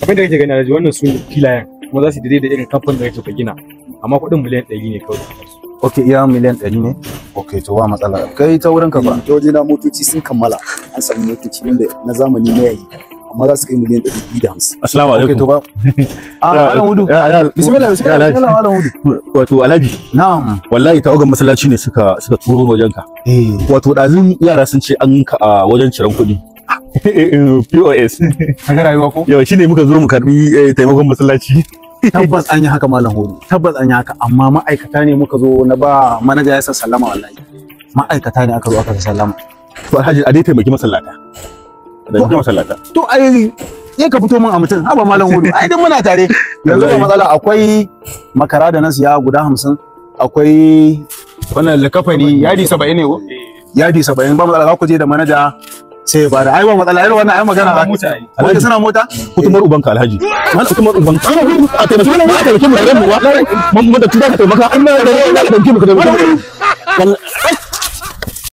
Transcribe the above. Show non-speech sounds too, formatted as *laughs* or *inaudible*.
kamar da kake gani alhaji wannan su filayen kuma za su daidai da irin kamfan da kake ka gina amma kuɗin miliyan ɗari ne kawai ok iya miliyan ɗari ne ok to ba matsala kai ta wurin ka ba ta eh, waje na motoci sun kammala an samu motoci wanda na zamani na yayi amma za su kai miliyan ɗari biyu da hamsin assalamu alaikum to ba a ah, eh, malam hudu eh, bismillah bismillah malam hudu wato alhaji na'am wallahi ta ogan masallaci ne suka suka turo wajen ka wato ɗazun yara sun ce an ka a wajen ciran kuɗi POS. Kaga rayuwa ko? Yau shine muka zo mu karbi eh, taimakon masallaci. Tabbas an yi haka malam horo. Tabbas an yi haka amma ma'aikata ne muka zo na ba manaja ya sallama wallahi. Ma'aikata ne aka zo aka sallama. To Alhaji a dai taimaki masallata. Taimaki masallata. To ai ya ka fito min a mutum haba malam horo ai dan muna tare. *laughs* Yanzu ga matsala akwai makara da na siya guda hamsin akwai wannan likafani yadi saba'in ne ko? Yadi saba'in ba matsala za ku je da manaja sai ya bada ai ba matsala irin wannan ai magana ba alhaji suna mota ku kutumar ubanka alhaji na man kutumar ubanka a taimake mu a taimake mu da mu mun da tuba ka maka, an ma da ka taimake mu ka taimake mu